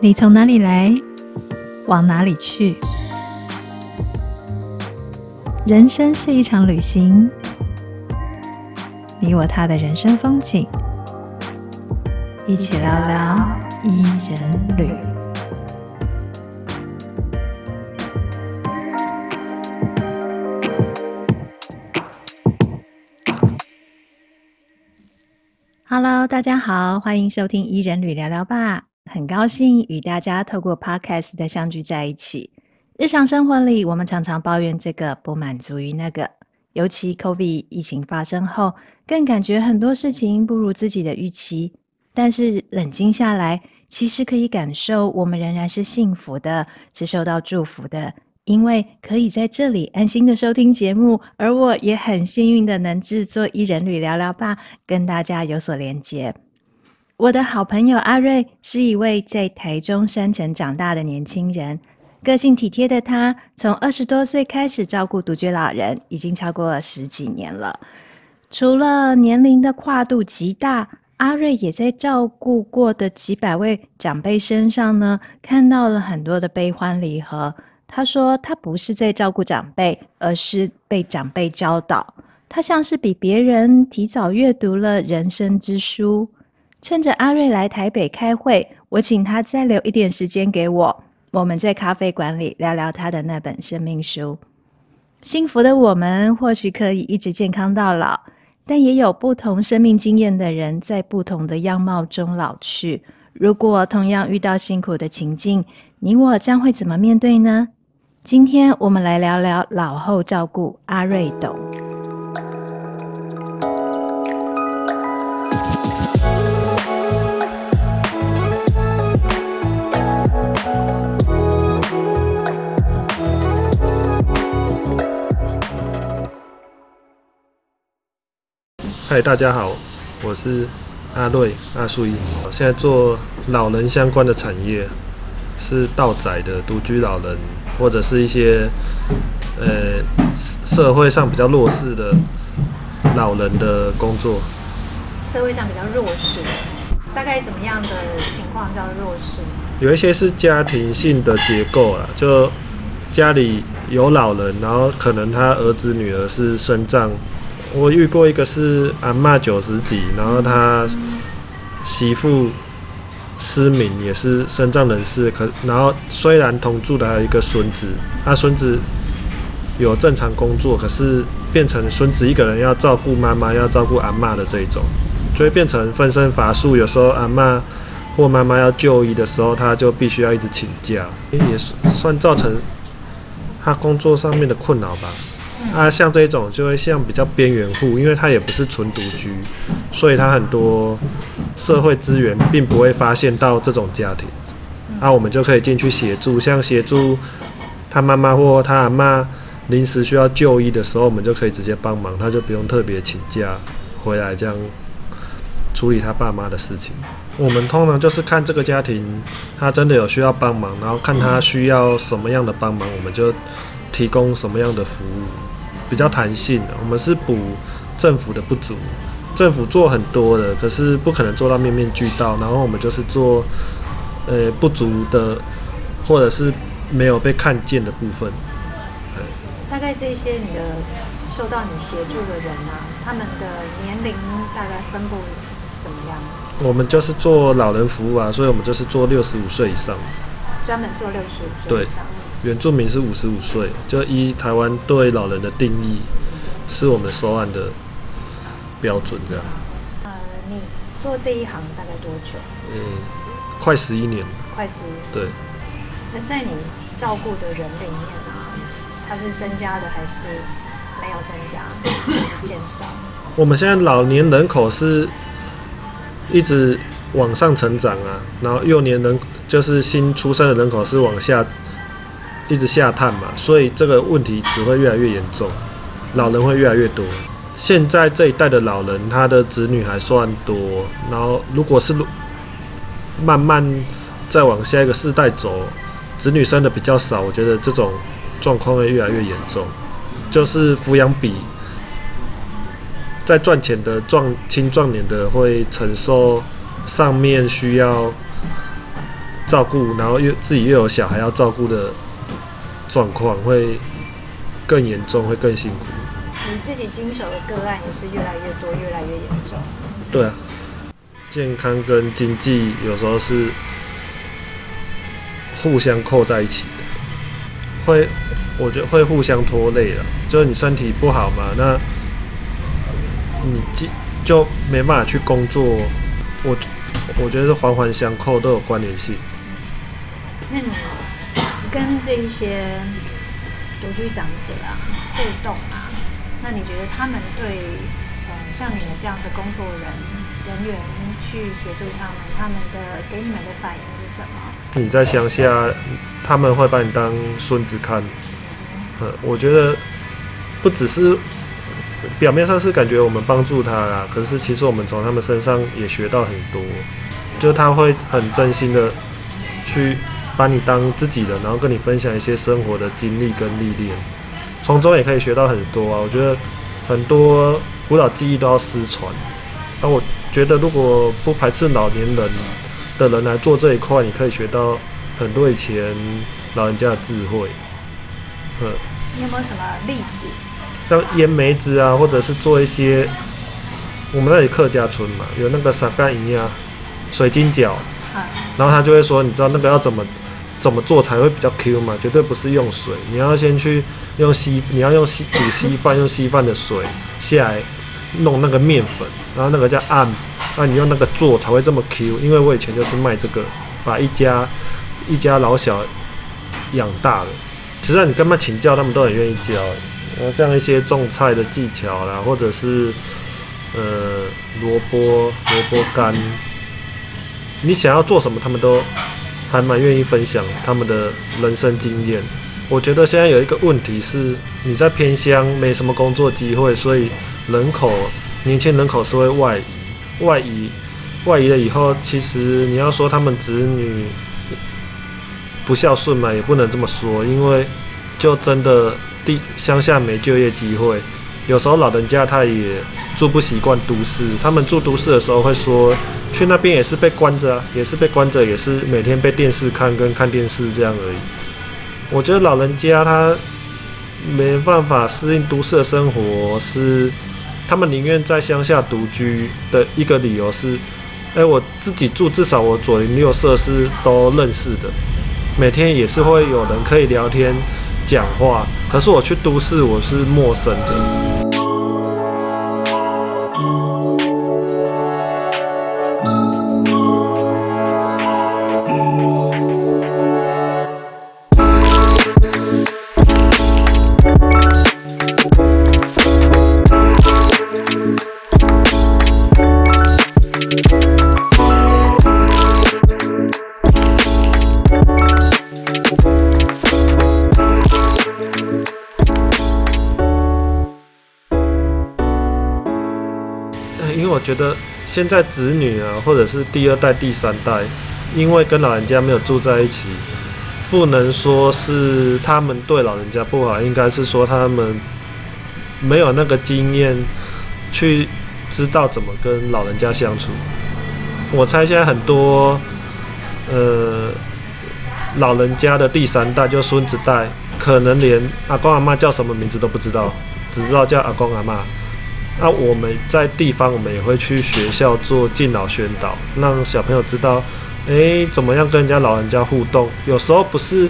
你從哪裡來，往哪裡去？人生是一場旅行，你我他的人生風景，一起聊聊伊人旅。Hello，大家好，歡迎收聽伊人旅聊聊吧。很高興與大家透過 Podcast 的相聚在一起。日常生活裡，我們常常抱怨這個不滿足於那個，尤其 COVID 疫情發生後，更感覺很多事情不如自己的預期。但是冷靜下來，其實可以感受，我們仍然是幸福的，是受到祝福的。因為可以在這裡安心的收聽節目，而我也很幸運的能制作《伊人旅聊聊吧》，跟大家有所連接。我的好朋友阿瑞是一位在台中山城長大的年輕人，個性體貼的他，從二十多歲開始照顧獨居老人，已經超過了十幾年了。除了年齡的跨度極大，阿瑞也在照顧過的幾百位長輩身上呢，看到了很多的悲歡離合。他說：“他不是在照顧長輩，而是被長輩教導。他像是比別人提早閱讀了人生之書。趁着阿瑞來台北開會，我請他再留一點時間給我。我們在咖啡館裡聊聊他的那本生命書。幸福的我們或許可以一直健康到老，但也有不同生命經驗的人在不同的樣貌中老去。如果同樣遇到辛苦的情境，你我將會怎麼面對呢？”今天我們來聊聊老後照顧。阿瑞，懂？嗨，大家好，我是阿瑞阿樹一，我現在做老人相關的產業，是道仔的獨居老人。或者是一些，呃、欸，社會上比較弱勢的老人的工作。社會上比較弱勢，大概怎麼樣的情況叫弱勢？有一些是家庭性的結構啦，就家裡有老人，然後可能他兒子女兒是身障。我遇過一個是阿嬤九十幾，然後他媳婦。失明也是身障人士，可然後雖然同住的還有一個孫子，他、啊、孫子有正常工作，可是變成孫子一個人要照顧媽媽，要照顧阿嬤的這一種，就會變成分身乏術。有時候阿嬤或媽媽要就醫的時候，他就必須要一直請假，也算造成他工作上面的困擾吧。啊，像這一種就會像比較邊緣戶，因為他也不是純獨居，所以他很多。社會資源並不會發現到這種家庭，那、啊、我們就可以進去協助，像協助他媽媽或他阿媽臨時需要就醫的時候，我們就可以直接幫忙，他就不用特別請假回來這樣處理他爸媽的事情。我們通常就是看這個家庭他真的有需要幫忙，然後看他需要什麼樣的幫忙，我們就提供什麼樣的服務，比較彈性。我們是補政府的不足。政府做很多的，可是不可能做到面面俱到。然後我們就是做，呃、欸，不足的，或者是沒有被看見的部分。對。大概這些你的受到你協助的人呢、啊，他們的年齡大概分布怎麼樣？我們就是做老人服務啊，所以我們就是做六十五歲以上。專門做六十五歲以上。對。原住民是五十五歲，就依台灣對老人的定義，是我們收案的標準的。呃，你做這一行大概多久？嗯，快十一年。快十一。對。那在你照顧的人裡面啊，它是增加的還是沒有增加，減少？我們現在老年人口是一直往上成長啊，然後幼年人就是新出生的人口是往下一直下探嘛，所以這個問題只會越來越嚴重，老人會越來越多。現在這一代的老人，他的子女還算多。然後，如果是慢慢再往下一個世代走，子女生的比較少，我覺得這種狀況會越來越嚴重。就是扶養比，在賺錢的壯青壯年的會承受上面需要照顧，然後又自己又有小孩要照顧的狀況會更嚴重，會更辛苦。你自己經手的個案也是越來越多，越來越嚴重。對啊，健康跟經濟有時候是互相扣在一起的，會我覺得會互相拖累了。就是你身體不好嘛，那你就就沒辦法去工作。我我覺得是環環相扣，都有關聯性。那你跟這些獨居長者啊互動啊？那你覺得他們對、嗯，像你們這樣子工作的人人員去協助他們，他們的給你們的反應是什麼？你在鄉下，嗯、他們會把你當孫子看。呃、嗯嗯，我覺得不只是表面上是感覺我們幫助他啦，可是其實我們從他們身上也學到很多。就他會很真心的去把你當自己人，然後跟你分享一些生活的經歷跟歷練。從中也可以學到很多啊，我覺得很多古老技藝都要失傳。那我覺得如果不排斥老年人的人來做這一塊，你可以學到很多以前老人家的智慧。嗯。你有沒有什麼例子？像醃梅子啊，或者是做一些我們那裡客家村嘛，有那個沙乾魚啊、a, 水晶餃，然後他就會說，你知道那個要怎麼？怎麼做才會比較 Q 嘛？絕對不是用水，你要先去用稀，你要用稀煮稀飯，用稀飯的水下來弄那個麵粉，然後那個叫按，那你用那個做才會這麼 Q。因為我以前就是賣這個，把一家一家老小養大的。其實你跟他們請教，他們都很願意教。像一些種菜的技巧啦，或者是呃蘿蔔、蘿蔔乾，你想要做什麼，他們都。還蠻願意分享他們的人生經驗。我覺得現在有一個問題是，你在偏鄉沒什麼工作機會，所以人口、年輕人口是會外移，外移外移了以後，其實你要說他們子女不孝順嘛，也不能這麼說，因為就真的地鄉下沒就業機會。有時候老人家他也住不習慣都市，他們住都市的時候會說，去那邊也是被關着啊，也是被關着，也是每天被電視看跟看電視這樣而已。我覺得老人家他沒辦法適應都市的生活，是他們寧願在鄉下獨居的一個理由是，哎、欸，我自己住至少我左鄰右舍是都認識的，每天也是會有人可以聊天講話，可是我去都市我是陌生的。現在子女啊，或者是第二代、第三代，因為跟老人家沒有住在一起，不能說是他們對老人家不好，應該是說他們沒有那個經驗去知道怎麼跟老人家相處。我猜現在很多呃老人家的第三代就孫子代，可能連阿公阿嬤叫什麼名字都不知道，只知道叫阿公阿嬤。那、啊、我們在地方，我們也會去學校做敬老宣導，讓小朋友知道，誒、欸，怎麼樣跟人家老人家互動？有時候不是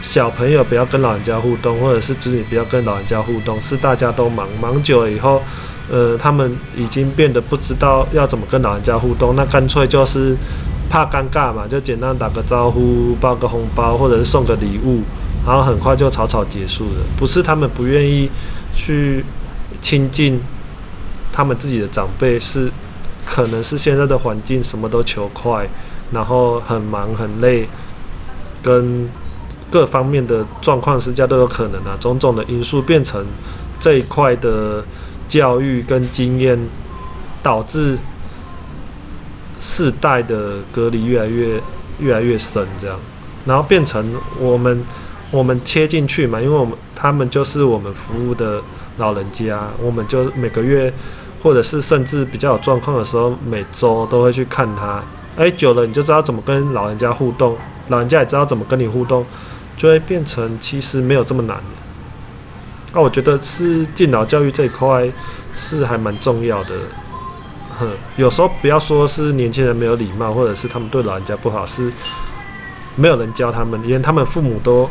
小朋友不要跟老人家互動，或者是子女不要跟老人家互動，是大家都忙忙久了以後，呃，他們已經變得不知道要怎麼跟老人家互動，那乾脆就是怕尷尬嘛，就簡單打個招呼，包個紅包，或者是送個禮物，然後很快就草草結束了，不是他們不願意去親近。他們自己的長輩是，可能是現在的環境什麼都求快，然後很忙很累，跟各方面的狀況施加都有可能啊，種種的因素變成這一塊的教育跟經驗，導致世代的隔離越來越越來越深，這樣，然後變成我們我們切進去嘛，因為我們他們就是我們服務的老人家，我們就每個月。或者是甚至比較有狀況的時候，每周都會去看他。哎、欸，久了你就知道怎麼跟老人家互動，老人家也知道怎麼跟你互動，就會變成其實沒有這麼難。那、啊、我覺得是敬老教育這一塊是還蠻重要的。哼，有時候不要說是年輕人沒有禮貌，或者是他們對老人家不好，是沒有人教他們，因為他們父母都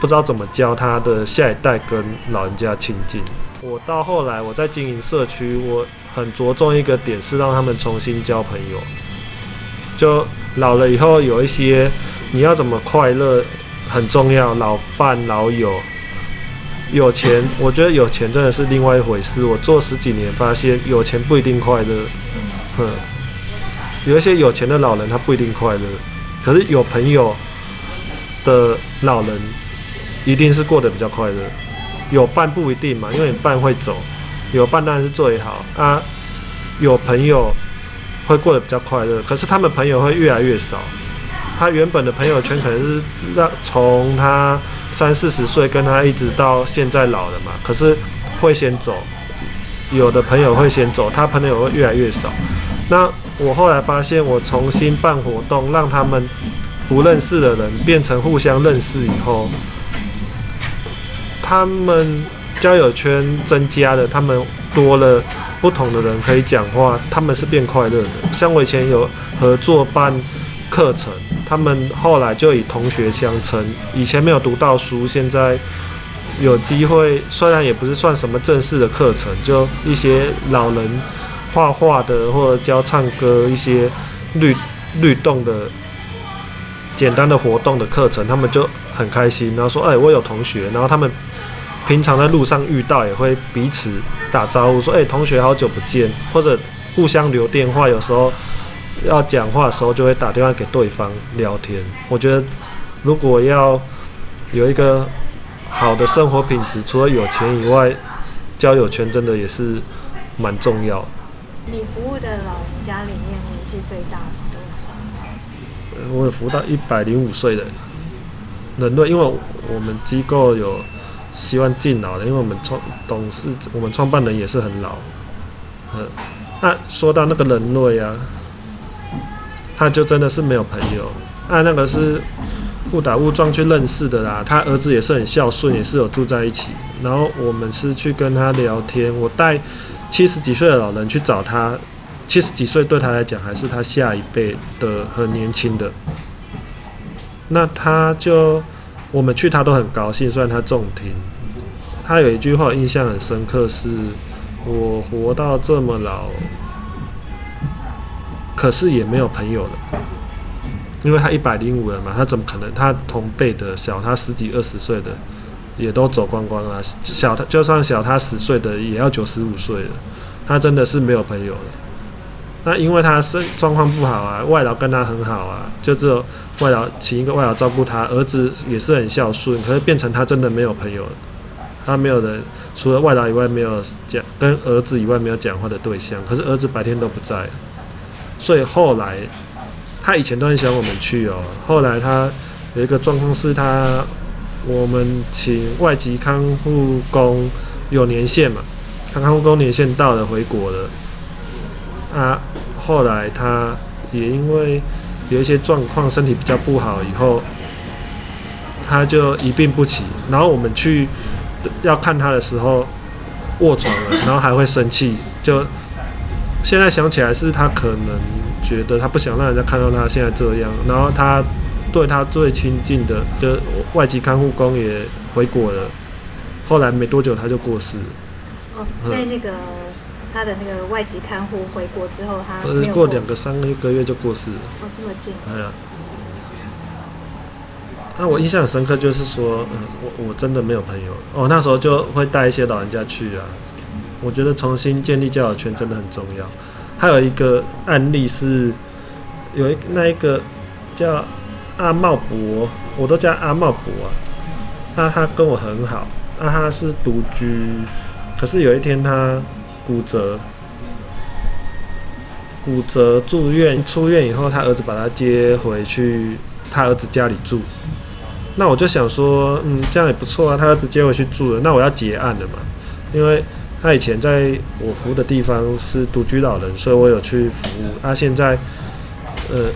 不知道怎麼教他的下一代跟老人家親近。我到後來，我在經營社區，我很着重一個點是讓他們重新交朋友。就老了以後，有一些你要怎麼快樂很重要，老伴、老友、有錢， 我覺得有錢真的是另外一回事。我做十幾年發現，有錢不一定快樂。哼，有一些有錢的老人他不一定快樂，可是有朋友的老人一定是過得比較快樂。有伴不一定嘛，因為你伴會走，有伴當然是最好啊。有朋友會過得比較快樂，可是他們朋友會越來越少。他原本的朋友圈可能是讓從他三四十歲跟他一直到現在老的嘛，可是會先走。有的朋友會先走，他朋友會越來越少。那我後來發現，我重新辦活動，讓他們不認識的人變成互相認識以後。他們交友圈增加了，他們多了不同的人可以講話，他們是變快樂的。像我以前有合作辦課程，他們後來就以同學相稱。以前沒有讀到書，現在有機會，雖然也不是算什麼正式的課程，就一些老人畫畫的，或者教唱歌、一些律律動的簡單的活動的課程，他們就很開心，然後說：“哎、欸，我有同學。”然後他們。平常在路上遇到也會彼此打招呼，說“哎，同學，好久不見”，或者互相留電話。有時候要講話的時候，就會打電話給對方聊天。我覺得，如果要有一個好的生活品質，除了有錢以外，交友圈真的也是蠻重要的。你服務的老人家裡面年紀最大是多少？我有服務到一百零五歲的，人瑞，因為因為我們機構有。希望敬老的，因為我們創董事，我們創辦人也是很老，嗯，那、啊、說到那個人瑞啊，他就真的是沒有朋友，按、啊、那個是誤打誤撞去認識的啦。他兒子也是很孝順，也是有住在一起。然後我們是去跟他聊天，我帶七十幾歲的老人去找他，七十幾歲對他來講還是他下一輩的很年輕的，那他就。我們去，他都很高興。雖然他重聽，他有一句話印象很深刻，是“我活到這麼老，可是也沒有朋友了”。因為他一百零五了嘛，他怎麼可能？他同輩的小，他十幾二十歲的，也都走光光啊。小他就算小他十歲的，也要九十五歲了。他真的是沒有朋友了。那因為他身狀況不好啊，外勞跟他很好啊，就只有外勞，請一個外勞照顧他，兒子也是很孝順，可是變成他真的沒有朋友了，他沒有人，除了外勞以外沒有講，跟兒子以外沒有講話的對象，可是兒子白天都不在，所以後來他以前都很喜歡我們去哦、喔，後來他有一個狀況是他，我們請外籍看護工有年限嘛，看護工年限到了，回國了。他、啊、後來，他也因為有一些狀況，身體比較不好以後，他就一病不起。然後我們去要看他的時候，臥床了，然後還會生氣。就現在想起來，是他可能覺得他不想讓人家看到他現在這樣。然後他對他最親近的，就外籍看護工也回國了。後來沒多久，他就過世了。哦、在那個、嗯、他的那個外籍看護回國之後，他過，他過兩個、三個、個月就過世了。哦，這麼近？哎呀，那、嗯啊、我印象很深刻，就是說，嗯、我我真的沒有朋友。哦，那時候就會帶一些老人家去啊。我覺得重新建立交友圈真的很重要。還有一個案例是，有一那一個叫阿茂伯，我都叫阿茂伯啊。他、啊、他跟我很好，啊他是獨居。可是有一天他骨折，骨折住院，出院以後，他兒子把他接回去，他兒子家裡住。那我就想說，嗯，這樣也不錯啊，他兒子接回去住了，那我要結案了嘛？因為他以前在我服務的地方是獨居老人，所以我有去服務。他現在呃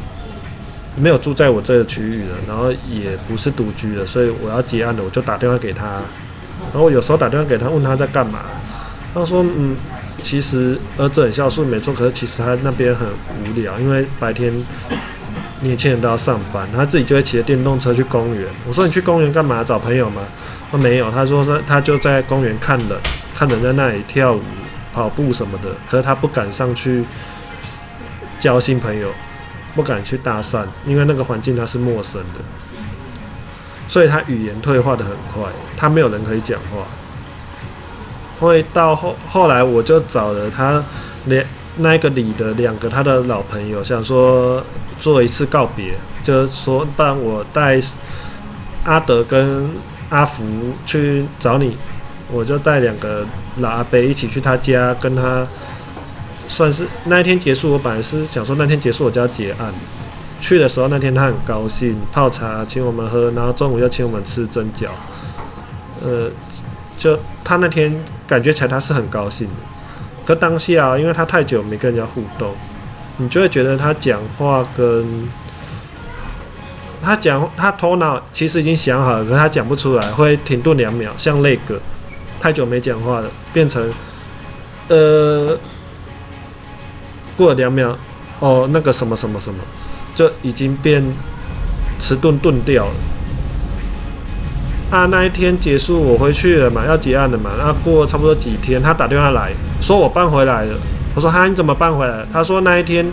沒有住在我這個區域了，然後也不是獨居的。所以我要結案了，我就打電話給他。然後我有時候打電話給他，問他在幹嘛。他說：“嗯，其實兒子很孝順，沒錯。可是其實他那邊很無聊，因為白天年輕人都要上班，他自己就會騎着電動車去公園。我說你去公園幹嘛？找朋友嗎？他沒有。他說說他就在公園看人，看人在那裡跳舞、跑步什麼的。可是他不敢上去交新朋友，不敢去搭訕，因為那個環境他是陌生的。”所以他語言退化的很快，他沒有人可以講話。會到後後來，我就找了他那那個裡的兩個他的老朋友，想說做一次告別，就是說不然我帶阿德跟阿福去找你，我就帶兩個老阿伯一起去他家，跟他算是那一天結束。我本來是想說那天結束，我就要結案。去的時候那天他很高興，泡茶請我們喝，然後中午又請我們吃蒸餃，呃，就他那天感覺起來他是很高興的，可當下，啊，因為他太久沒跟人家互動，你就會覺得他講話跟他講，他頭腦其實已經想好了，可他講不出來，會停頓兩秒，像那個太久沒講話了，變成呃過了兩秒哦，那個什麼什麼什麼。就已經變遲鈍鈍掉了啊！那一天結束，我回去了嘛，要結案了嘛。啊，那過差不多幾天，他打電話來說我搬回來了。我說：“嗨，你怎麼搬回來？”他說：“那一天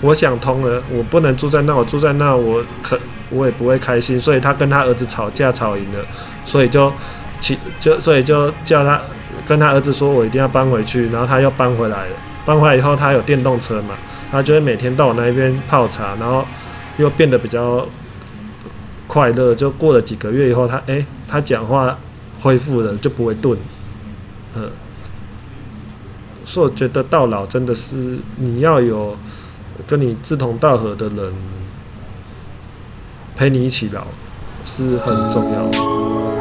我想通了，我不能住在那，我住在那，我可我也不會開心。”所以他跟他兒子吵架吵贏了，所以就起就所以就叫他跟他兒子說我一定要搬回去。然後他又搬回來了。搬回來以後，他有電動車嘛。他就會每天到我那邊泡茶，然後又變得比較快樂。就過了幾個月以後，他哎、欸，他講話恢復了，就不會頓。嗯，所以我覺得到老真的是你要有跟你志同道合的人陪你一起老，是很重要的。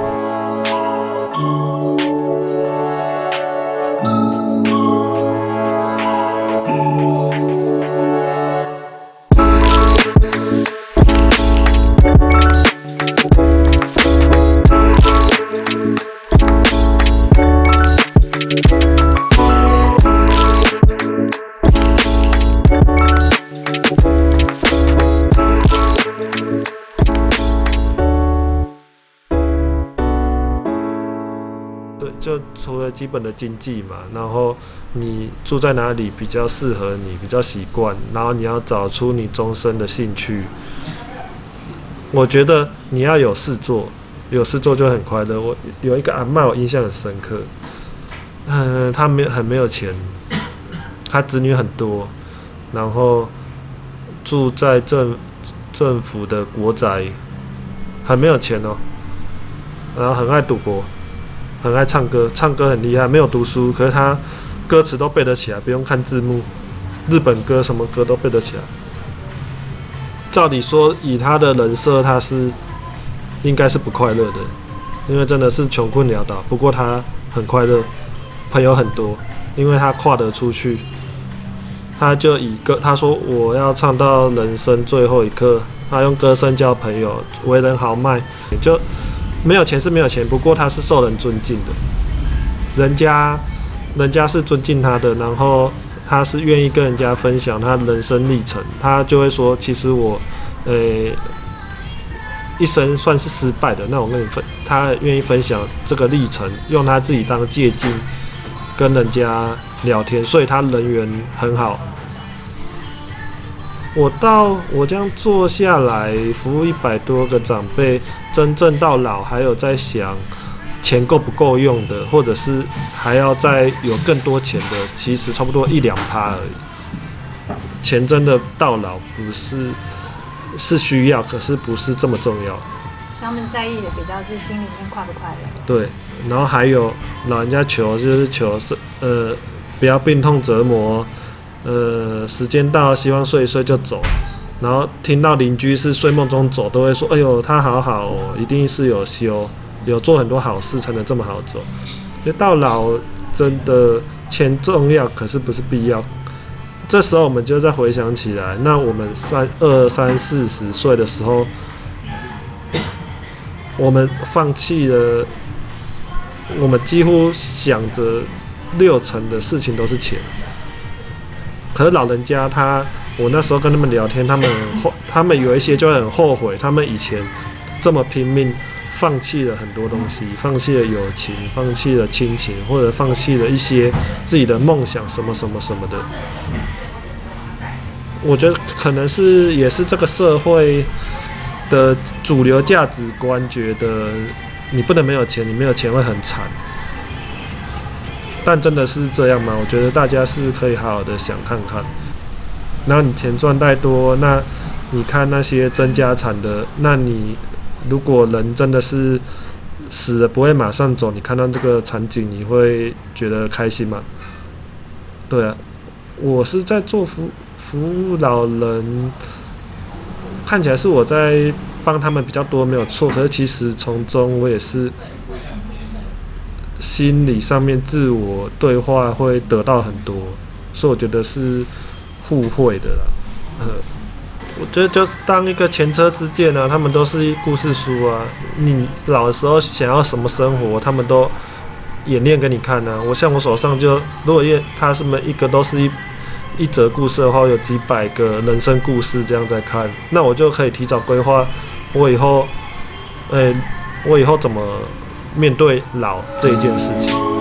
除了基本的經濟嘛，然後你住在哪裡比較適合你，比較習慣，然後你要找出你終身的興趣。我覺得你要有事做，有事做就很快樂。我有一個阿嬤，我印象很深刻。嗯、呃，他沒有很沒有錢，他子女很多，然後住在政政府的國宅，很沒有錢哦、喔，然後很愛賭博。很愛唱歌，唱歌很厲害，沒有讀書，可是他歌詞都背得起來，不用看字幕。日本歌什麼歌都背得起來。照理說，以他的人設，他是應該是不快樂的，因為真的是窮困潦倒。不過他很快樂，朋友很多，因為他跨得出去。他就以歌，他說我要唱到人生最後一刻。他用歌聲交朋友，為人豪邁，就。沒有錢是沒有錢，不過他是受人尊敬的，人家，人家是尊敬他的，然後他是願意跟人家分享他人生歷程，他就會說，其實我，呃、欸，一生算是失敗的，那我跟你分，他願意分享這個歷程，用他自己當借鏡，跟人家聊天，所以他人緣很好。我到我這樣坐下來服務一百多個長輩，真正到老還有在想錢夠不夠用的，或者是還要再有更多錢的，其實差不多一兩趴而已。錢真的到老不是是需要，可是不是這麼重要。他們在意的比較是心裡面快不快樂。對，然後還有老人家求就是求是呃，不要病痛折磨。呃，時間到，希望睡一睡就走。然後聽到鄰居是睡夢中走，都會說：“哎呦，他好好喔，一定是有修，有做很多好事才能這麼好走。”因為到老，真的，錢重要，可是不是必要。這時候我們就再回想起來，那我們三二三四十歲的時候，我們放棄了，我們幾乎想着六成的事情都是錢。可是老人家他，我那時候跟他們聊天，他們後他們有一些就很後悔，他們以前這麼拼命，放棄了很多東西，放棄了友情，放棄了親情，或者放棄了一些自己的夢想，什麼什麼什麼的。我覺得可能是也是這個社會的主流價值觀，覺得你不能沒有錢，你沒有錢會很慘。但真的是這樣嗎？我覺得大家是可以好好的想看看。那你錢賺太多，那你看那些爭家產的，那你如果人真的是死了不會馬上走，你看到這個場景，你會覺得開心嗎？對啊，我是在做服服務老人，看起來是我在幫他們比較多，沒有錯。可是其實從中我也是。心理上面自我對話會得到很多，所以我覺得是互惠的啦。呃，我覺得就是當一個前車之鑑啊，他們都是故事書啊。你老的時候想要什麼生活，他們都演練給你看呢、啊。我像我手上就，如果它他是每一個都是一一則故事的話，有幾百個人生故事這樣在看，那我就可以提早規劃我以後，誒、欸，我以後怎麼？面對老這一件事情。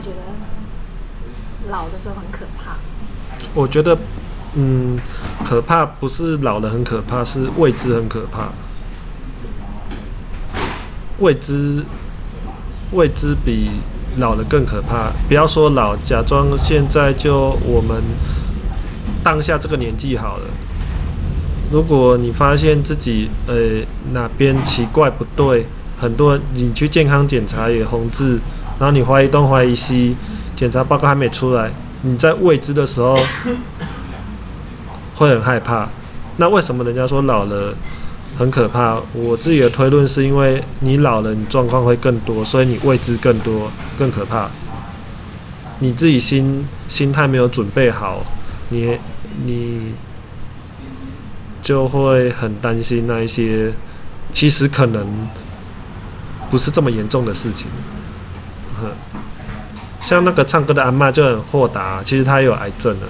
覺得老的時候很可怕。我覺得，嗯，可怕不是老了很可怕，是未知很可怕。未知，未知比老的更可怕。不要說老，假裝現在就我們當下這個年紀好了。如果你發現自己呃、欸、哪邊奇怪不對，很多人你去健康檢查也紅字。然後你懷疑東懷疑西，檢查報告還沒出來，你在未知的時候會很害怕。那為什麼人家說老了很可怕？我自己的推論是因為你老了，你狀況會更多，所以你未知更多，更可怕。你自己心心態沒有準備好，你你就會很擔心那一些，其實可能不是這麼嚴重的事情。像那個唱歌的阿嬤就很豁達，其實她有癌症了，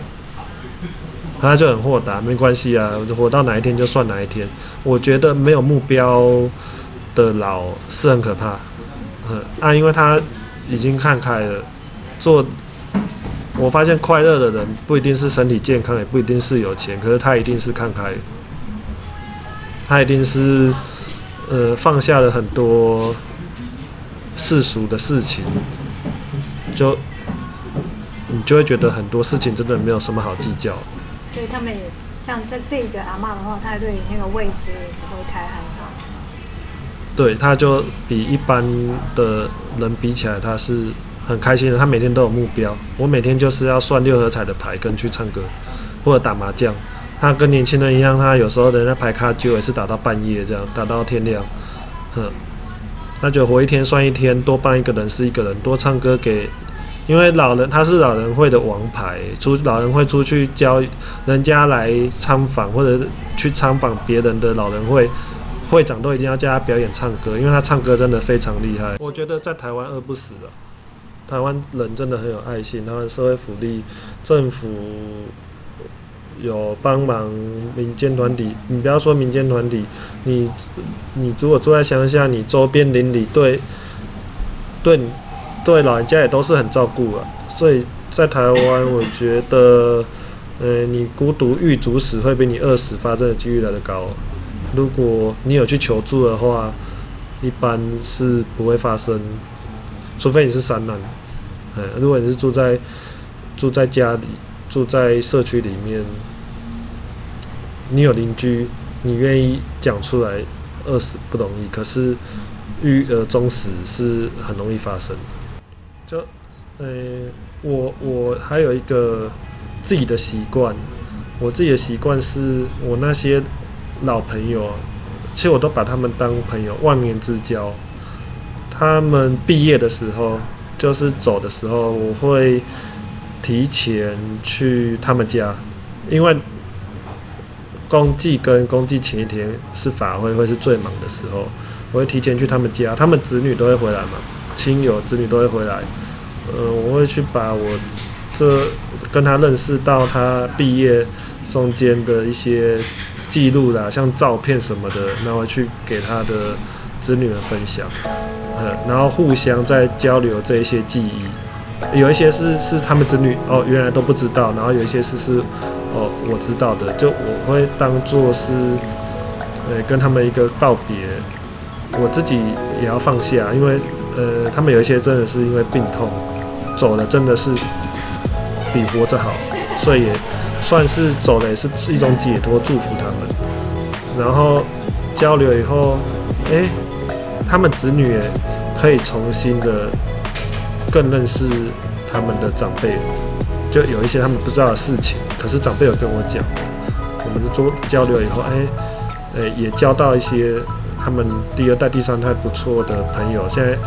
她就很豁達。沒關係啊，活到哪一天就算哪一天。我覺得沒有目標的老是很可怕，嗯、啊，因為他已經看開了，做。我發現快樂的人不一定是身體健康，也不一定是有錢，可是他一定是看開，他一定是呃放下了很多世俗的事情。就你就會覺得很多事情真的沒有什麼好計較。對，他們也像在這一個阿嬤的話，她對那個位置不會太害怕。對，他就比一般的人比起來，他是很開心的。他每天都有目標。我每天就是要算六合彩的牌，跟去唱歌或者打麻將。他跟年輕人一樣，他有時候人家牌咖就也是打到半夜這樣，打到天亮。哼，那就活一天算一天，多幫一個人是一個人，多唱歌給。因為老人他是老人會的王牌，出老人會出去教人家來參訪，或者去參訪別人的老人會會長都一定要叫他表演唱歌，因為他唱歌真的非常厲害。我覺得在台灣餓不死的啊，台灣人真的很有愛心，他們社會福利政府有幫忙民間團體，你不要說民間團體，你你如果住在鄉下，你周邊鄰里對對。對你對，老人家也都是很照顧啊。所以在台灣，我覺得，呃、欸，你孤獨鬱卒死會比你餓死發生的幾率來得高啊。如果你有去求助的話，一般是不會發生，除非你是山難。嗯、欸，如果你是住在住在家裡、住在社區裡面，你有鄰居，你願意講出來，餓死不容易。可是鬱呃終死是很容易發生。就，呃、欸，我我還有一個自己的習慣，我自己的習慣是我那些老朋友，其實我都把他們當朋友，忘年之交。他們畢業的時候，就是走的時候，我會提前去他們家，因為公祭跟公祭前一天是法會，會是最忙的時候，我會提前去他們家，他們子女都會回來嘛。親友、子女都會回來，呃，我會去把我這跟他認識到他畢業中間的一些記錄啦，像照片什麼的，然後去給他的子女們分享，呃、嗯，然後互相再交流這一些記憶。有一些是是他們子女哦原來都不知道，然後有一些是是哦我知道的，就我會當做是呃、欸、跟他們一個告別，我自己也要放下，因為。呃，他們有一些真的是因為病痛，走了真的是比活着好，所以也算是走了也是一種解脫，祝福他們。然後交流以後，哎，他們子女可以重新的更認識他們的長輩，就有一些他們不知道的事情，可是長輩有跟我講。我們做交流以後，哎，哎，也交到一些。他們第二代、第三代不錯的朋友，現在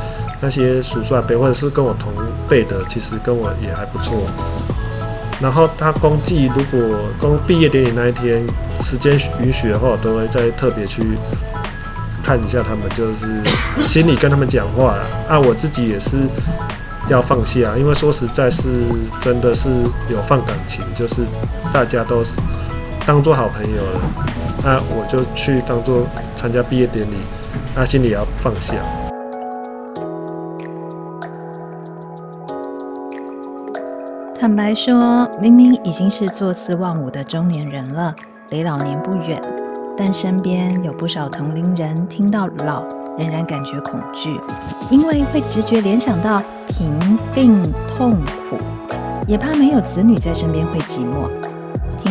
那些叔叔輩或者是跟我同輩的，其實跟我也還不錯。然後他公祭，如果公畢業典禮那一天時間允許的話，我都會再特別去看一下他們，就是心裡跟他們講話。按、啊、我自己也是要放下，因為說實在是真的是有放感情，就是大家都是。當做好朋友了，那我就去當做參加畢業典禮，那心裡也要放下。坦白說，明明已經是坐四望五的中年人了，離老年不遠，但身邊有不少同齡人聽到老，仍然感覺恐懼，因為會直覺聯想到貧病、痛苦，也怕沒有子女在身邊會寂寞。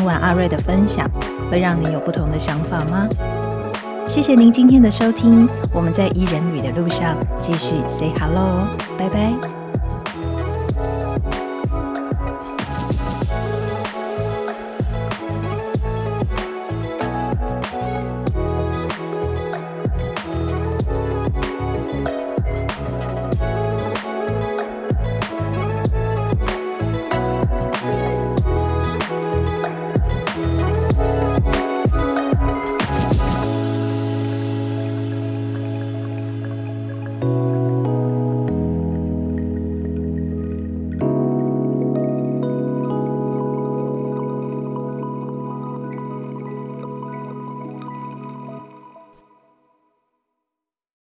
聽完阿瑞的分享，會讓你有不同的想法嗎？謝謝您今天的收聽，我們在伊人旅的路上繼續 say hello，拜拜。